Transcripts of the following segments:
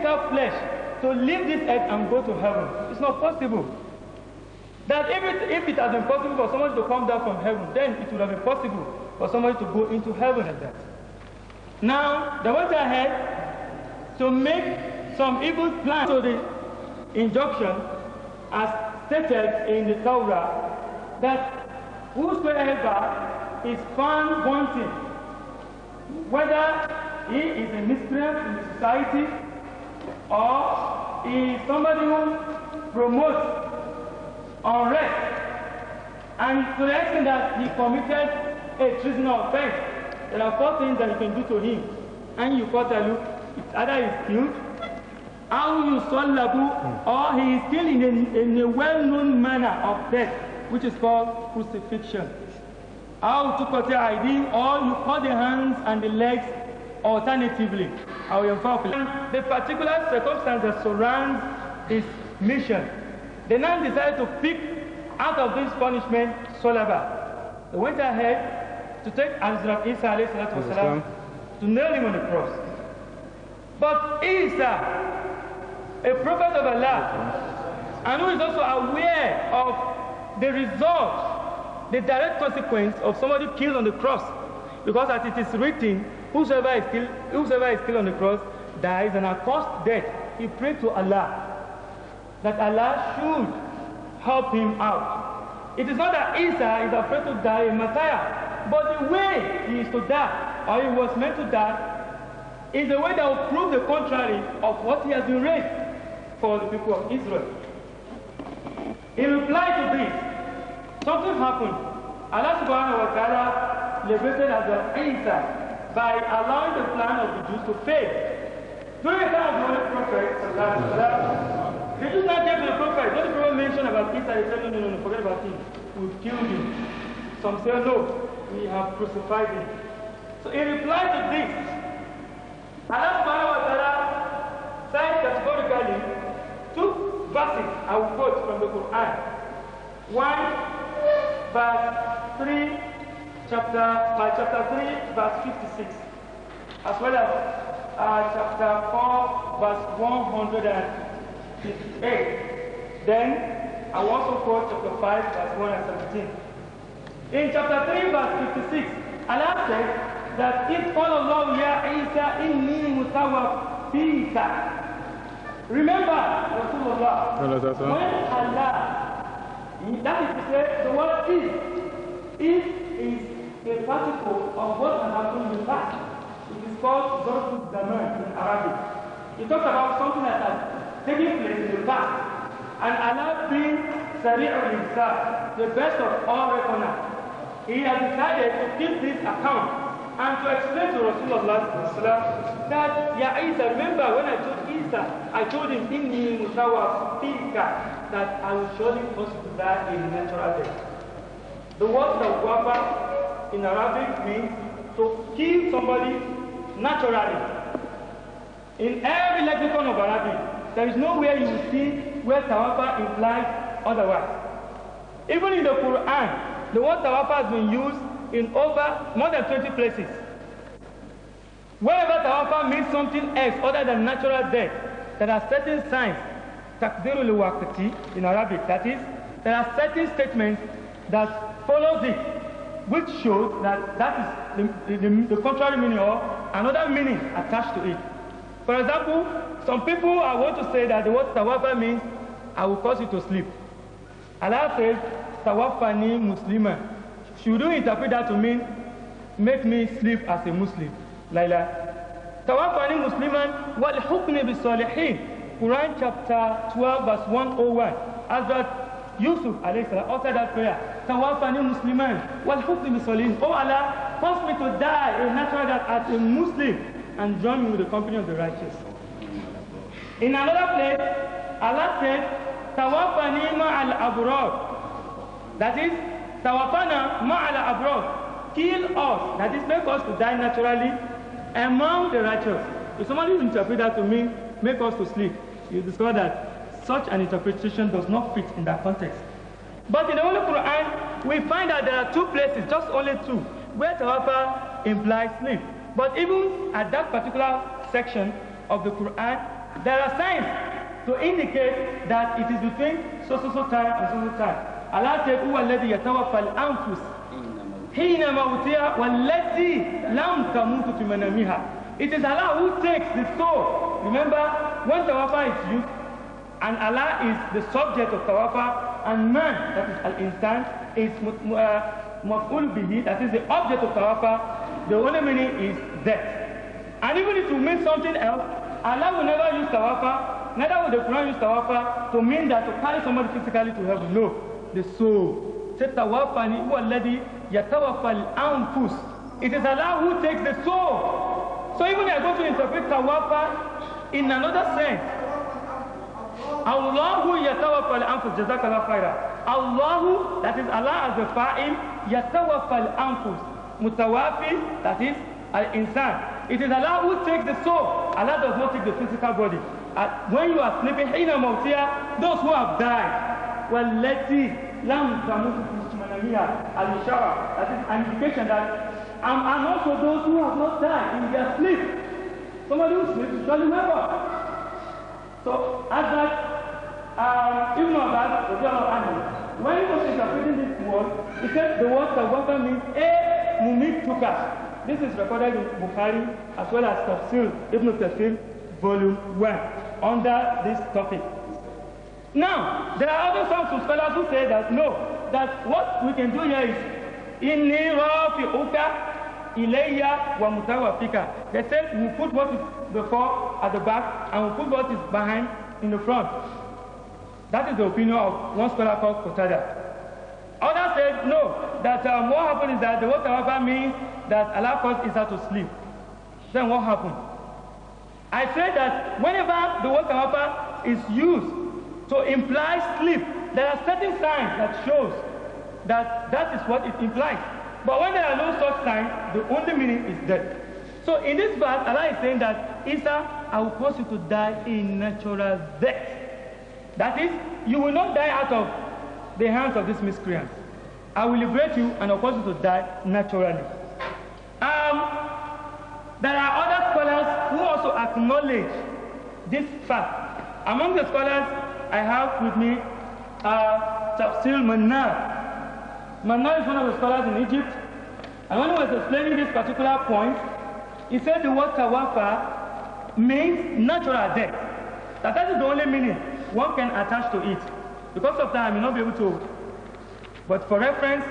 physical flesh to leave this earth and go to heaven. It's not possible. That if it, if it has been possible for someone to come down from heaven, then it would have been possible for somebody to go into heaven like that. Now, they went ahead to make some evil plans. So the injunction, as stated in the Torah, that whosoever is found wanting, whether he is a miscreant in society or is somebody who promotes unrest and to the extent that he committed a treason offense, there are four things that you can do to him. And you call tell either he's killed, how you solabu, or he is killed in a, in a well-known manner of death, which is called crucifixion. How to cut the ID, or you cut the hands and the legs Alternatively, our will the particular circumstance that surrounds his mission. They now decided to pick out of this punishment Solaba. They went ahead to take Azram Isa والسلام, to nail him on the cross. But Isa, a prophet of Allah, and who is also aware of the result, the direct consequence of somebody killed on the cross, because as it is written, Whosoever is, still, whosoever is still on the cross dies an accursed death. He prayed to Allah that Allah should help him out. It is not that Isa is afraid to die in Messiah, but the way he is to die, or he was meant to die, is a way that will prove the contrary of what he has been raised for the people of Israel. In reply to this, something happened. Allah subhanahu wa ta'ala liberated the Isa by allowing the plan of the Jews to fail. During the time of Prophet, the Jews now came to the Prophet. What the Prophet mentioned about Peter, he said, no, no, no, forget about him. We'll kill him. Some say, no, we have crucified him. So in reply to this, Allah subhanahu wa ta'ala said categorically two verses I will quote from the Quran. One, verse 3 chapter, uh, chapter 3, verse 56, as well as uh, chapter 4, verse 158. Then I will also quote chapter 5, verse 117. In chapter 3, verse 56, Allah said that if all Allah ya Isa inni mutawaf fika. Remember, Rasulullah, when Allah, that is to say, the word is, is a particle of what has happened in the past. It is called Zorfut Zaman in Arabic. It talks about something that has taken place in the past. And Allah being Sari'ul himself, the best of all reckoners, he has decided to keep this account and to explain to Rasulullah that, Ya Isa, remember when I told Isa, I told him, Inni speaker that I will surely cause you die in natural death. The words of Guapa in Arabic means to kill somebody naturally. In every lexicon of Arabic, there is nowhere you will see where tawafa implies otherwise. Even in the Quran, the word tawafa has been used in over more than 20 places. Wherever tawafa means something else other than natural death, there are certain signs, takdirul waqti in Arabic, that is, there are certain statements that follows it which shows that that is the, the, the, contrary meaning or another meaning attached to it. For example, some people are want to say that the word tawafa means I will cause you to sleep. Allah says, tawafani muslima. Should you interpret that to mean make me sleep as a Muslim? Laila. Tawafani musliman wal hukmi bi salihin. Quran chapter 12 verse 101. As that Yusuf alayhisalaam offered that prayer tawafani musliman walhukmi bisalim O oh Allah force me to die a natural death as a Muslim and join me with the company of the righteous. In another place Allah said tawafani al abrar that is tawafana ma al abrar kill us that is make us to die naturally among the righteous. If somebody interpret that to mean make us to sleep you discover that such an interpretation does not fit in that context. But in the Holy Quran, we find that there are two places, just only two, where Tawafa implies sleep. But even at that particular section of the Quran, there are signs to indicate that it is between so so so time and so so time. Allah said, "Who الذي يتوفى الأنفس حين موتها والتي لم تموت في منامها." It is Allah who takes the soul. Remember, when Tawafa is used, and Allah is the subject of tawafa, and man, that is al-insan, is uh, maf'ul bihi, that is the object of tawafa. The only meaning is that. And even if you mean something else, Allah will never use tawafa, neither will the Quran use tawafa to mean that to carry somebody physically to heaven. No, the soul. تتوفني هو الذي It is Allah who takes the soul. So even I go to interpret tawafa in another sense, Allahu yatawaffal anfus. Jazakallah khairah. Allahu, that is Allah as the fa'il, yatawaffal anfus. Mutawafi, that is al-insan. It is Allah who takes the soul. Allah does not take the physical body. And when you are sleeping, in a mawtiya, those who have died, well, let it, lam tamutu manamiya, al-ishara. That is an indication that, um, and also those who have not died in their sleep. Somebody who sleeps is surely never. So, as that Um, even of that, when he was interpreting this word, he said the word Tawbata means a mumit tukas. This is recorded in Bukhari as well as Tafsir, Ibn Tafsir, volume 1, under this topic. Now, there are other some scholars who say that no, that what we can do here is inni rafi'uka ilayya wa mutawafika. They say we put what is before at the back and we put what is behind in the front. That is the opinion of one scholar called Qatada. Others said, no, that um, what happened is that the word wafa means that Allah caused Isa to sleep. Then what happened? I said that whenever the word wafa is used to imply sleep, there are certain signs that shows that that is what it implies. But when there are no such signs, the only meaning is death. So in this verse, Allah is saying that Isa, I will cause you to die in natural death. That is, you will not die out of the hands of these miscreants. I will liberate you and cause you to die naturally. Um, there are other scholars who also acknowledge this fact. Among the scholars I have with me are Tafsir Manar. Manar is one of the scholars in Egypt. And when he was explaining this particular point, he said the word kawafa means natural death. That that is the only meaning one can attach to it. Because of time, you'll not be able to. But for reference,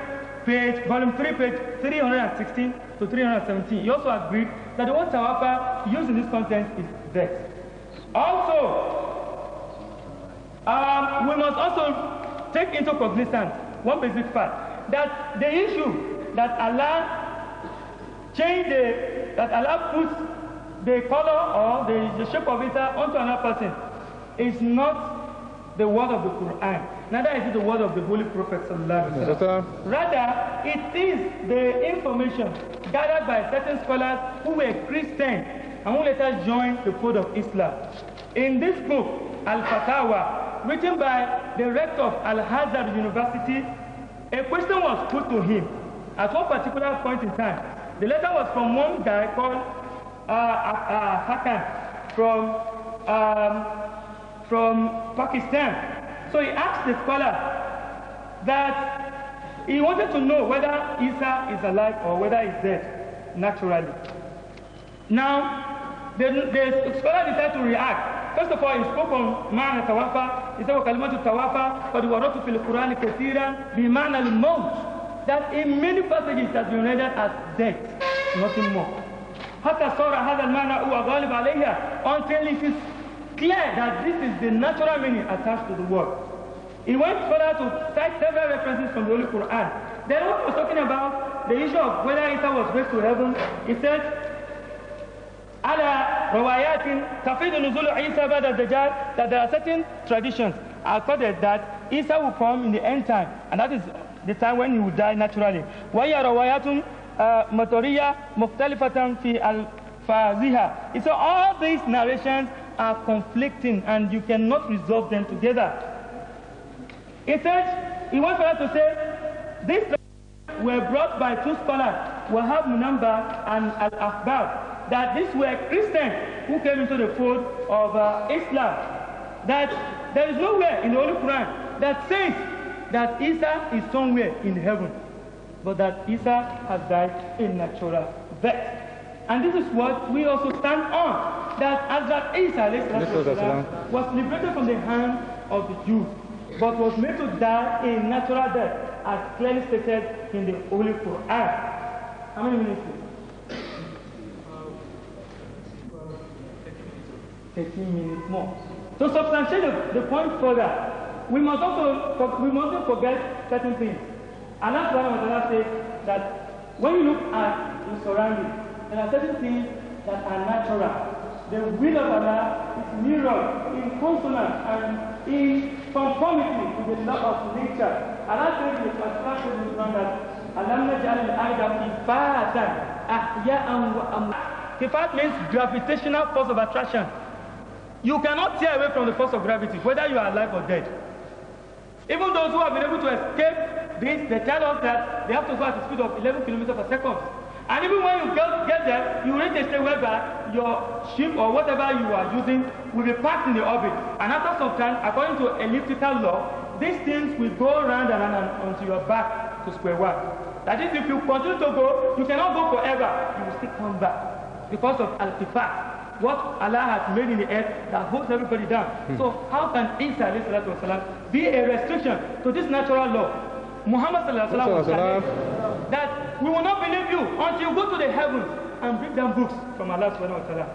page, volume 3, page 316 to 317, you also agree that the word tawafa used in this content is vex. Also, um, we must also take into cognizance one basic fact that the issue that Allah changed the, that Allah puts the color or the, the shape of it onto another person is not the word of the Quran, neither is it the word of the Holy Prophet. Rather, it is the information gathered by certain scholars who were Christian and who later joined the fold of Islam. In this book, Al Fatawa, written by the rector of Al hazar University, a question was put to him at one particular point in time. The letter was from one guy called uh, uh, uh Hakan from um, from Pakistan. So he asked the scholar that he wanted to know whether Isa is alive or whether he's dead naturally. Now, the, the scholar decided to react. First of all, he spoke on معنى توافى. He said, وكلمة التوافى قد وردت في القرآن كثيرا بمعنى الموت. That in many passages it has been rendered as death, nothing more. had صار هذا المعنى هو غالب عليها until it is clear that this is the natural meaning attached to the word. He went further to cite several references from the Holy Quran. Then what he was talking about the issue of whether Isa was raised to heaven, he said, على روايات تفيد نزول عيسى بعد الدجال that there are certain traditions accorded that Isa will come in the end time and that is the time when he will die naturally وهي روايات مطرية مختلفة في fazihah so all these narrations are conflicting and you cannot resolve them together. He said, he wants for us to say, these were brought by two scholars, Wahab Munamba and al akbar that these were Christians who came into the fold of uh, Islam. That there is nowhere in the Holy Quran that says that Isa is somewhere in heaven, but that Isa has died in natural death. And this is what we also stand on, that Hazrat Isa was liberated from the hand of the Jews, but was made to die a natural death, as clearly stated in the Holy Quran. How many minutes? 15 minutes more. To substantiate the, the point further, we must also we mustn't forget certain things. And that's why I said that when you look at the surroundings, there are certain things that are natural. The will of Allah is mirrored in consonance and in conformity to the law of nature. Allah said in the construction of Islam that Allah najal al-arda kifatan ahya'an wa amwat. Kifat means gravitational force of attraction. You cannot tear away from the force of gravity, whether you are alive or dead. Even those who have been able to escape this, they tell us that they have to go at the speed of 11 kilometers per second. And even when you get, get there, you reach a stage your ship or whatever you are using will be parked in the orbit. And after some time, according to elliptical law, these things will go round and round and onto your back to square one. That is, if you continue to go, you cannot go forever. You will still come back because of artifact. What Allah has made in the earth that holds everybody down. Hmm. So how can Isa be a restriction to this natural law? Muhammad sallallahu alaihi wasallam that we will not believe you until you go to the heaven and bring down books from Allah subhanahu wa ta'ala.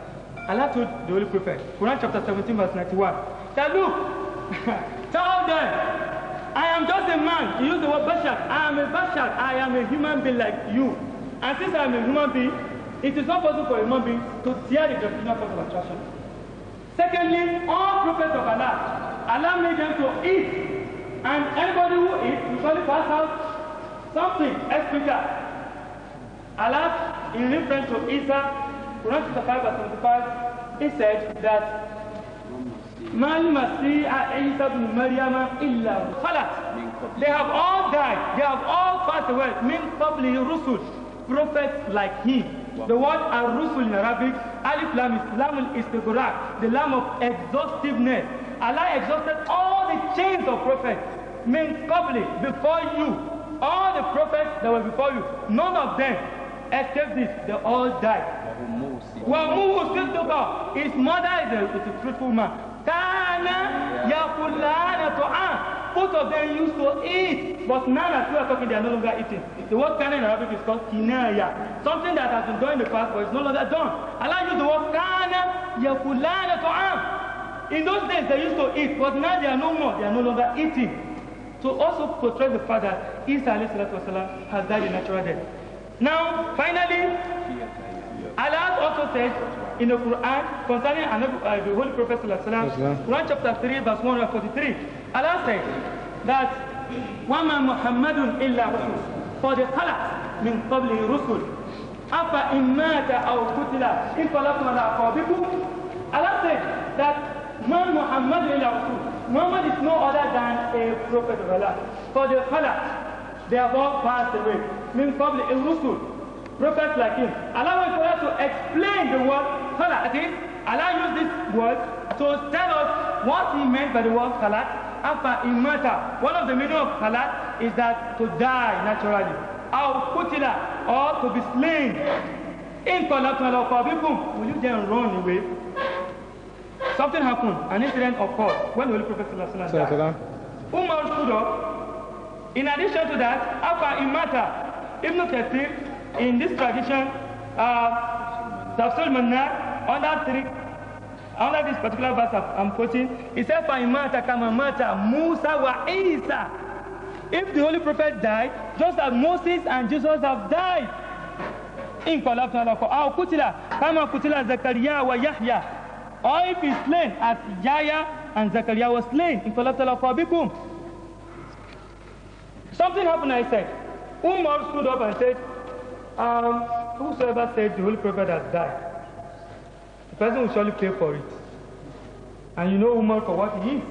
Allah told the Holy Prophet, Quran chapter 17, verse 91, that look, tell them, I am just a man, He used the word bashar, I am a bashar, I am a human being like you. And since I am a human being, it is not possible for a human being to tear the definition of attraction. Secondly, all prophets of Allah, Allah made them to eat. And anybody who eats usually pass out something extra. Allah, in reference to Isa, Quran 55 verse 75, he said that They have all died. They have all passed away. Min قبله rusul, prophets like him. The word rusul in Arabic, alif lam is lam al-istighraq, the lam of exhaustiveness. Allah exhausted all the chains of prophets, min qabli, before you. All the prophets that were before you, none of them Except this, they all died. Well, still to God? His mother is a, is a truthful man. Kana yakulana to'an. Both of them used to eat, but now that we are talking, they are no longer eating. The word kana in Arabic is called kinaya. Something that has been done in the past, but it's no longer done. Allah used the word kana yakulana to'an. In those days, they used to eat, but now they are no more. They are no longer eating. To also portray the fact that Isa والسلام, has died a natural death. Now, finally, Allah also says in the Quran concerning uh, the Holy Prophet Quran chapter 3 verse 143, Allah says that وَمَا مُحَمَّدٌ إِلَّا رَسُولٌ قَدْ خَلَتْ مِنْ قَبْلِهِ رُسُلٌ أَفَإِنْ مَاتَ أَوْ قُتِلَ انْقَلَبْتُمْ عَلَىٰ أَعْقَابِكُمْ Allah says that man illa إِلَّا رَسُولٌ Muhammad is no other than a prophet of Allah. For the Khalaq, they have all passed away. min qabli rusul prophets like him. Allah for us to explain the word salat. Allah use this word to tell us what he meant by the word salat. After in one of the meaning of salat is that to die naturally. Aw kutila or to be slain. In collateral for people, will you then run away? Something happened, an incident occurred when the Holy Prophet died. Umar stood up. In addition to that, after in Ibn Kathir, in this tradition, uh, Tafsir Manar, under three, under this particular verse I'm quoting, he said, "Fa'imata kama mata Musa wa Isa." If the Holy Prophet died, just as Moses and Jesus have died, in qalabna lahu aw kutila kama kutila Zakaria wa Yahya. Or if he's slain as Yahya and Zakaria was slain, in qalabna lahu bikum. Something happened, I said. Umar stood up and said, um, Whosoever said the Holy Prophet has died, the person will surely pay for it. And you know Umar for what he is.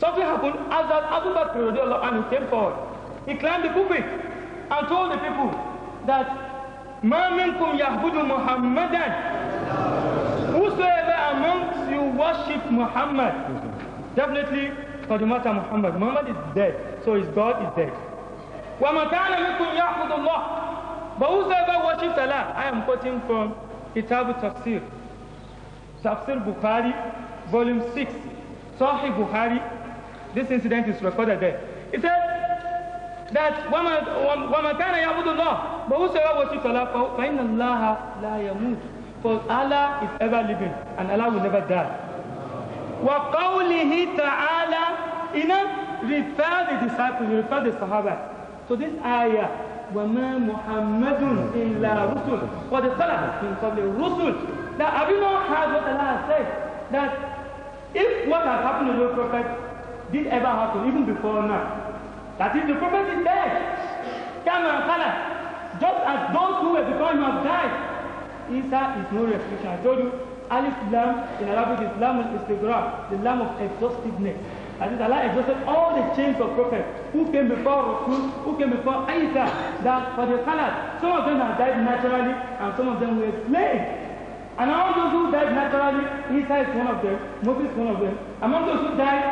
Something happened as that Abu Bakr and he came forward. He climbed the pulpit and told the people that مَا مِنْكُمْ يَعْبُدُ Muhammadan. Whosoever amongst you worship Muhammad, definitely for the matter Muhammad, Muhammad is dead, so his God is dead. وَمَا كَانَ مِنْكُمْ يَحْفُظُ اللَّهِ But whosoever worships I am quoting from كتاب Tafsir, Tafsir Bukhari, Volume 6, Sahih Bukhari. This incident is recorded there. It said that وَمَا كَانَ يَعْبُدُ اللَّهِ But whosoever worships فَإِنَّ اللَّهَ لَا يَمُوتُ For Allah is ever living and Allah will never die. وَقَوْلِهِ تَعَالَى إِنَا refer the disciples, refer the Sahaba. So this ayah, وَمَا مُحَمَّدٌ إِلَّا رُسُلٌ What is salah? In قَبْلِ rusul. That have you not heard what Allah said? That if what has happened to the prophet did ever happen, even before now, that if the prophet is dead, كَمَا خَلَى Just as those who were before him have died, Isa is no restriction. I told you, Alif Lam in Arabic is Lam al-Istigraf, the Lam of exhaustiveness. That is Allah exhausted all the chains of prophets who came before Rasul, who came before Isa, that for the Khalat, some of them have died naturally and some of them were slain. And all those who died naturally, Isa is one of them, Moses is one of them. Among those who died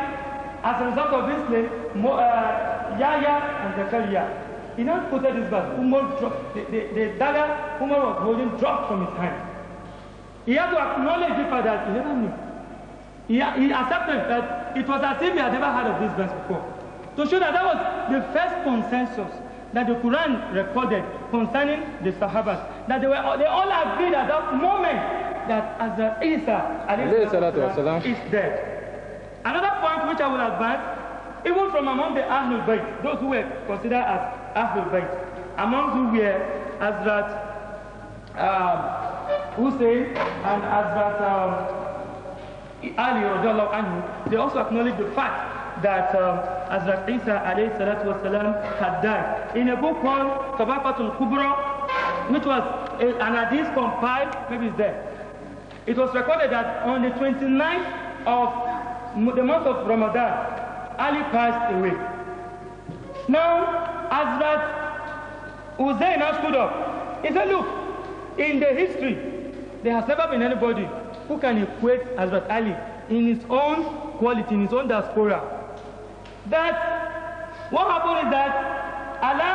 as a result of this slave, uh, Yahya and Zechariah. He now quoted this verse, Umar dropped, the, the, the dagger Umar was holding dropped from his hand. He had to acknowledge the fact that he never knew. He, he accepted that it was as if we had never heard of this verse before. To show that that was the first consensus that the Quran recorded concerning the Sahabas, that they, were, they all agreed at that moment that as the Isa is dead. Another point which I would advance, even from among the Ahlul Bayt, those who were considered as Ahlul Bayt, among who were Azrat um, Hussein and Azrat um, Ali anhu, they also acknowledge the fact that um, Hazrat Isa alayhi salatu wasalam had died. In a book called Tabaqatul Kubra, which was a, an hadith compiled, maybe it's there. It was recorded that on the 29th of the month of Ramadan, Ali passed away. Now, Hazrat Uzayn stood up. He said, look, in the history, there has never been anybody who can equate Hazrat Ali in his own quality, in his own diaspora. That what happened is that Allah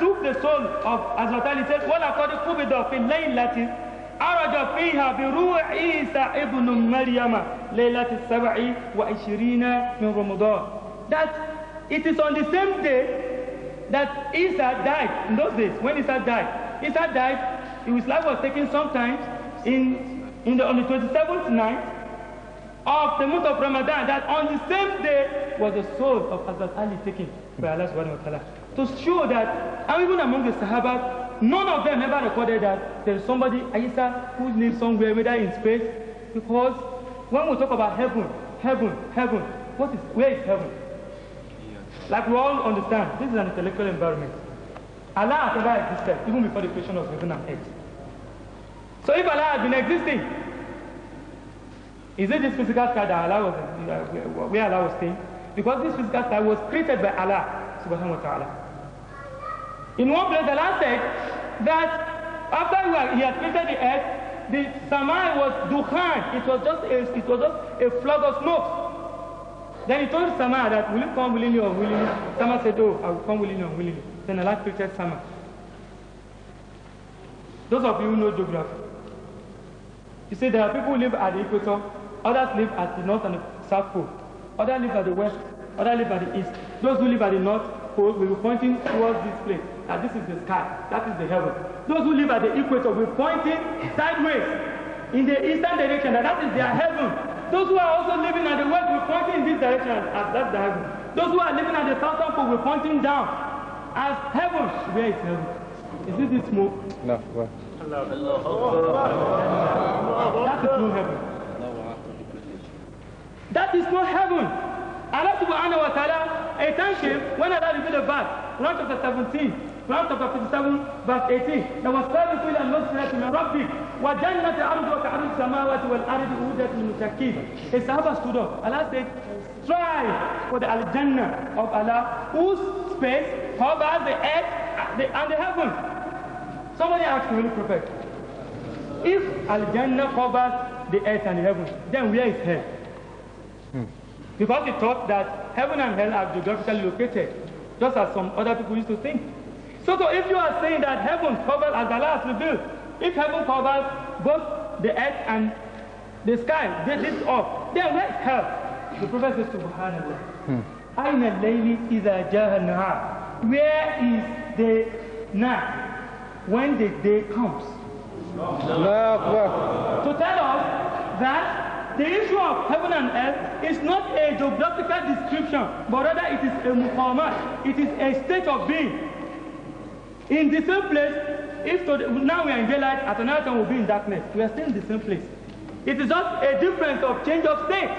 took the soul of Hazrat Ali, said, وَلَقَدْ قُبِضَ فِي اللَّيْلَةِ عرج فيها بروح عيسى ابن مريم ليلة السبع وعشرين من رمضان that it is on the same day that Isa died in those days when Isa died Isa died his life was taken sometimes in in the, on the 27th night of the month of Ramadan that on the same day was the soul of Hazrat Ali taken by Allah subhanahu wa ta'ala. To show that, and even among the Sahabas, none of them ever recorded that there is somebody, Isa, whose name somewhere, whether in space, because when we talk about heaven, heaven, heaven, what is, where is heaven? Like we all understand, this is an intellectual environment. Allah has ever existed, even before the creation of heaven and earth. So if Allah has been existing, is it this physical sky that Allah was, uh, where Allah was staying? Because this physical sky was created by Allah subhanahu wa ta'ala. In one place Allah said that after he had created the earth, the samai was dukhan, it was just a, it was just a flood of smoke. Then he told Sama that will you come willingly or willingly? Sama said, Oh, I will come willingly or willingly. Then Allah created Sama. Those of you who know geography, You see, there are people who live at the equator, others live at the north and the south pole, others live at the west, others live at the east. Those who live at the north pole will be pointing towards this place. That this is the sky, that is the heaven. Those who live at the equator will be pointing sideways in the eastern direction, that, that is their heaven. Those who are also living at the west will be pointing in this direction as that's that heaven. Those who are living at the southern pole will be pointing down as heaven. Where is heaven? Is it this smoke? No. Well. That is no heaven. That is no heaven. Allah subhanahu wa ta'ala, a time when Allah revealed the verse, Quran chapter 17, Quran chapter 57, verse 18. Now, وَسَابِقُوا إِلَى al مِنْ رَبِّكَ وَجَنَّةِ عَرْضُهَا كَعَرْضِ السَّمَاوَاتِ وَالْأَرْضِ أُعِدَّتْ لِلْمُتَّقِينَ The Sahaba stood up. Allah said, "Try for the al-Jannah of Allah, whose space covers the earth and the heaven. Somebody asked the prophet, if Al-Jannah covers the earth and the heaven, then where is hell? Hmm. Because he thought that heaven and hell are geographically located, just as some other people used to think. So, so if you are saying that heaven covers, as Allah has revealed, if heaven covers both the earth and the sky, this off, then where is hell? The prophet says, Subhanallah. Hmm. Where is the night? when the day comes. To tell us that the issue of heaven and earth is not a geographical description, but rather it is a muqamat. It is a state of being. In the same place, if today, now we are in daylight, at another time we'll be in darkness. We are still in the same place. It is just a difference of change of state.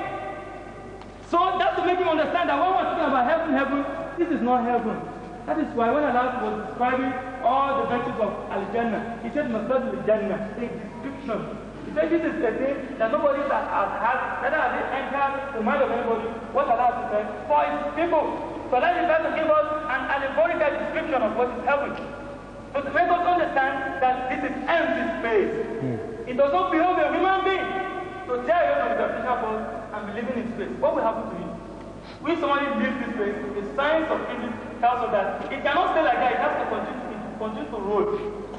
So that's to make you understand that when we're talking about heaven, heaven, this is not heaven. That is why when Allah was describing all the virtues of Al-Jannah. He said, Masad Al-Jannah, a description. He said, this is the thing that nobody that has had, that has entered the mind of anybody, what Allah has said, for his people. So let the to give us an allegorical description of what is heaven. But let us understand that this is empty space. Mm. It does not to a human being to tear away from the definition and be living in space. What will happen to you? When somebody leaves this space, the science of physics tells us that it cannot stay like that, it has to continue continue to roll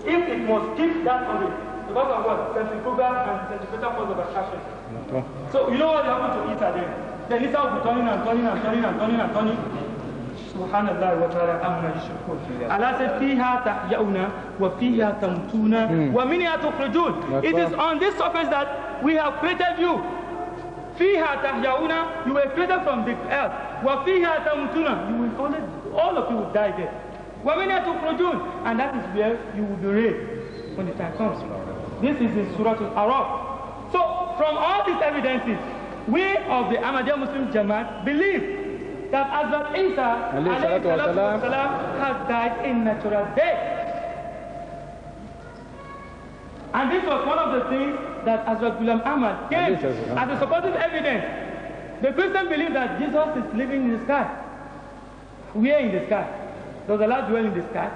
if it must keep that on the because of what? Centrifugal and centripetal force of attraction. Okay. So you know what happened to Ether then? Then Ether will be turning and turning and turning and turning and turning. Hmm. It is on this surface that we have created you. You were created from the earth. You will only, all of you will die there. And that is where you will be raised when the time comes. This is in Surah Al-Araf. So, from all these evidences, we of the Ahmadiyya Muslim Jamaat believe that Hazrat Isa والسلام, has died in natural death. And this was one of the things that Hazrat Ghulam Ahmad gave as a supportive evidence. The Christian believe that Jesus is living in the sky. We are in the sky. Does Allah dwell in the sky?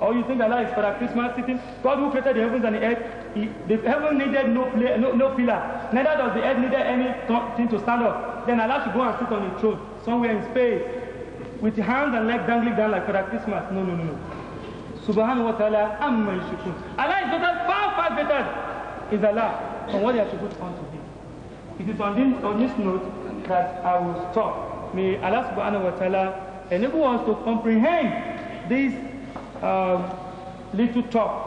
Or you think Allah is for a Christmas sitting? God who created the heavens and the earth, he, the heaven needed no, no, no pillar. Neither does the earth need anything to stand up. Then Allah should go and sit on a throne somewhere in space with hands and legs dangling down like for a Christmas. No, no, no, no. Subhanahu wa ta'ala, amma yishukun. Allah is better, far, far better is Allah from what they are to put onto him. It is on this, on this note that I will stop. May Allah subhanahu wa ta'ala enable us to comprehend this uh, little talk.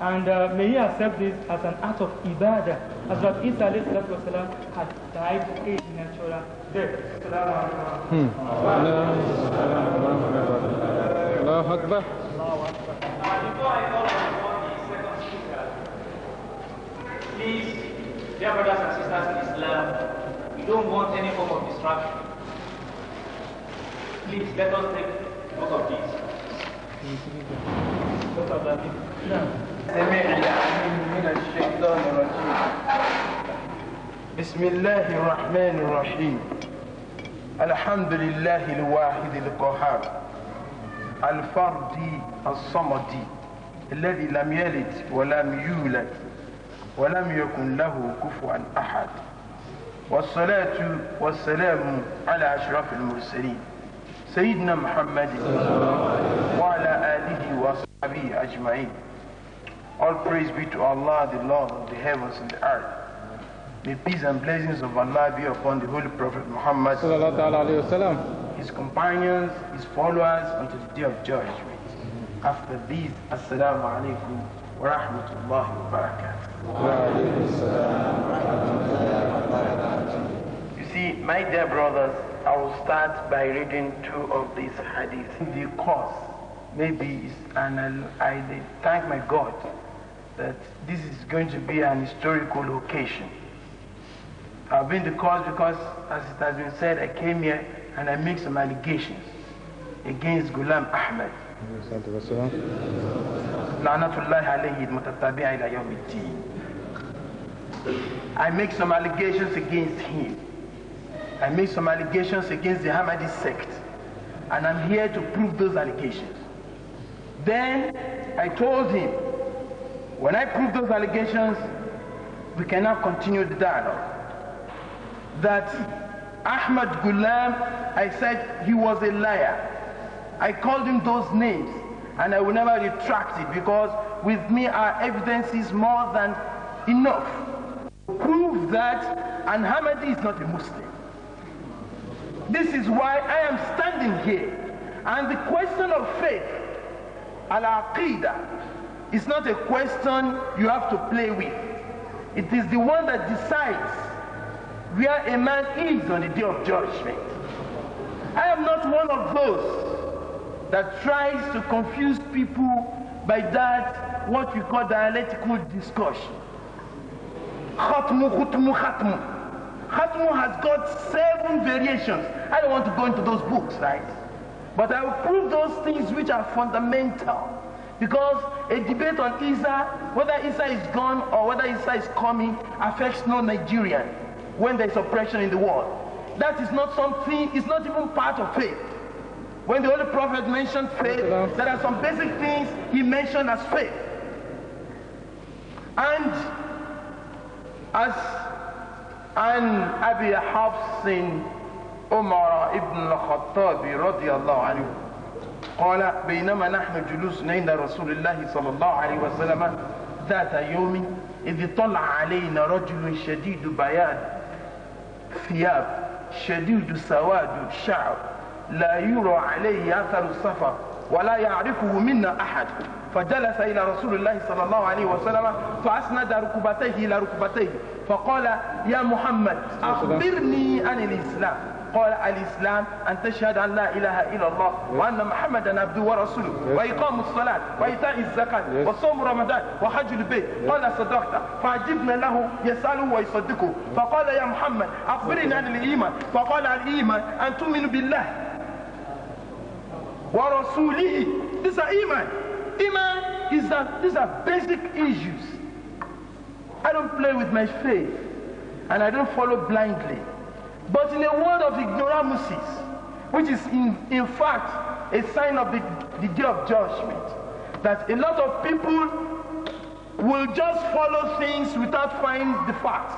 And uh, may he accept this as an act of ibadah, as what Isa والسلام, had died a natural death. Hmm. Allahu Akbar. Before I call upon the second speaker, please, dear brothers and sisters in Islam, we don't want any form of distraction. Please let us take both of these. سمع العليم من الشيطان الرجيم بسم الله الرحمن الرحيم الحمد لله الواحد القهار الفردي الصمدي الذي لم يلد ولم يولد ولم يكن له كفوا أحد والصلاة والسلام على أشرف المرسلين سيدنا Muhammad All praise be to Allah, the Lord of the heavens and the earth. May peace and blessings of Allah be upon the Holy Prophet Muhammad, his companions, his followers, until the day of judgment. After this, Assalamu alaikum wa rahmatullahi wa barakatuh. You see, my dear brothers, I will start by reading two of these hadiths. The cause, maybe, is, and I, I thank my God that this is going to be an historical occasion. I've been the cause because, as it has been said, I came here and I make some allegations against Ghulam Ahmed. I make some allegations against him. I made some allegations against the Hamadi sect, and I'm here to prove those allegations. Then I told him, when I prove those allegations, we cannot continue the dialogue. That Ahmad Ghulam, I said he was a liar. I called him those names, and I will never retract it because with me our evidence is more than enough to prove that an Hamadi is not a Muslim. This is why I am standing here. And the question of faith, al-aqidah, is not a question you have to play with. It is the one that decides where a man is on the day of judgment. I am not one of those that tries to confuse people by that what we call dialectical discussion. Khatmu, khutmu, khatmu. Hatmu has got seven variations. I don't want to go into those books, right? But I will prove those things which are fundamental. Because a debate on Isa, whether Isa is gone or whether Isa is coming, affects no Nigerian when there is oppression in the world. That is not something, it's not even part of faith. When the Holy Prophet mentioned faith, there are some basic things he mentioned as faith. And as عن أبي حفص عمر بن الخطاب رضي الله عنه قال بينما نحن جلوس عند رسول الله صلى الله عليه وسلم ذات يوم إذ طلع علينا رجل شديد بياض ثياب شديد سواد شعر لا يرى عليه أثر السفر ولا يعرفه منا أحد فجلس إلى رسول الله صلى الله عليه وسلم فأسند ركبتيه إلى ركبتيه فقال يا محمد أخبرني عن الإسلام قال الإسلام أن تشهد أن لا إله إلا الله وأن محمدا عبده ورسوله وإقام الصلاة وإيتاء الزكاة وصوم رمضان وحج البيت قال صدقت فعجبنا له يسأله ويصدقه فقال يا محمد أخبرني عن الإيمان فقال الإيمان أن تؤمن بالله ورسوله These are iman. Iman is that these are basic issues I don't play with my faith and I don't follow blindly. But in a world of ignoramuses, which is in, in fact a sign of the, the day of judgment, that a lot of people will just follow things without finding the facts.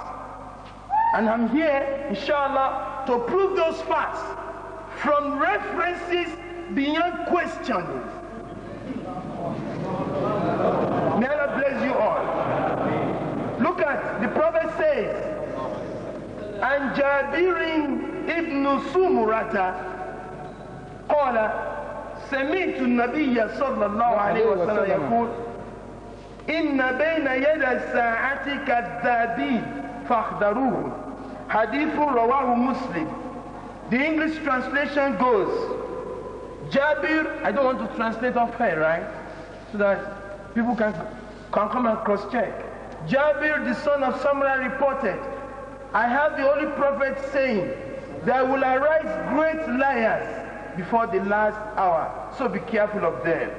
And I'm here, inshallah, to prove those facts from references beyond questioning. عن جابر ابن سمرة قال سمعت النبي صلى الله عليه وسلم يقول إن بين يدي الساعة كذابين فاحذروه حديث رواه مسلم The English translation goes Jabir, I don't want to translate off here, right? So that people can, can come and cross check. Jabir, the son of Samurai, reported I heard the holy prophet saying, There will arise great liars before the last hour, so be careful of them.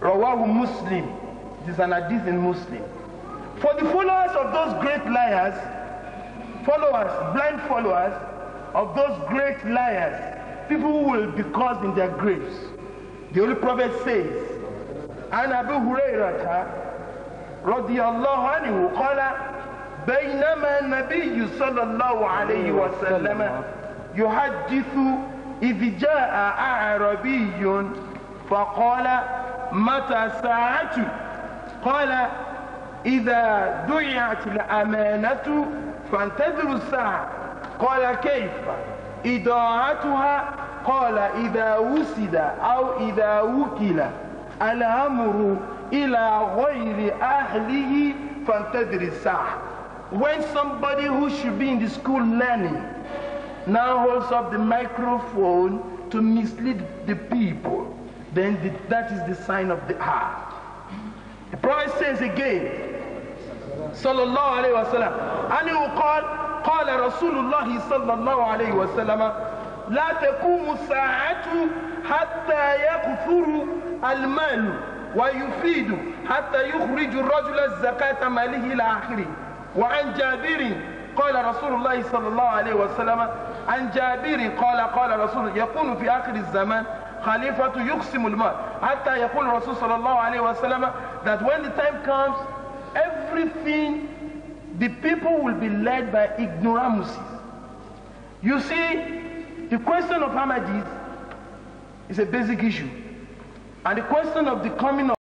Rawahu Muslim. This is an hadith in Muslim. For the followers of those great liars, followers, blind followers of those great liars, people will be caused in their graves. The Holy Prophet says, An Abu Hurairah, radiyallahu anhu, qala, بينما النبي صلى الله عليه وسلم يحدث إذ جاء أعربي فقال متى ساعة قال إذا دعت الأمانة فانتظروا الساعة قال كيف إضاعتها قال إذا وسد أو إذا وكل الأمر إلى غير أهله فانتظر الساعة When somebody who should be in the school learning now holds up the microphone to mislead the people, then the, that is the sign of the heart. The Prophet says again, صلى الله عليه وسلم أنه قال قال رسول الله صلى الله عليه وسلم لا تقوم الساعة حتى يكثر المال ويفيد حتى يخرج الرجل الزكاة ماله إلى آخره وعن جابر قال رسول الله صلى الله عليه وسلم عن جابر قال قال رسول يكون في آخر الزمان خليفة يقسم المال حتى يقول الرسول صلى الله عليه وسلم that when the time comes everything the people will be led by ignoramuses you see the question of Ahmadis is a basic issue and the question of the coming of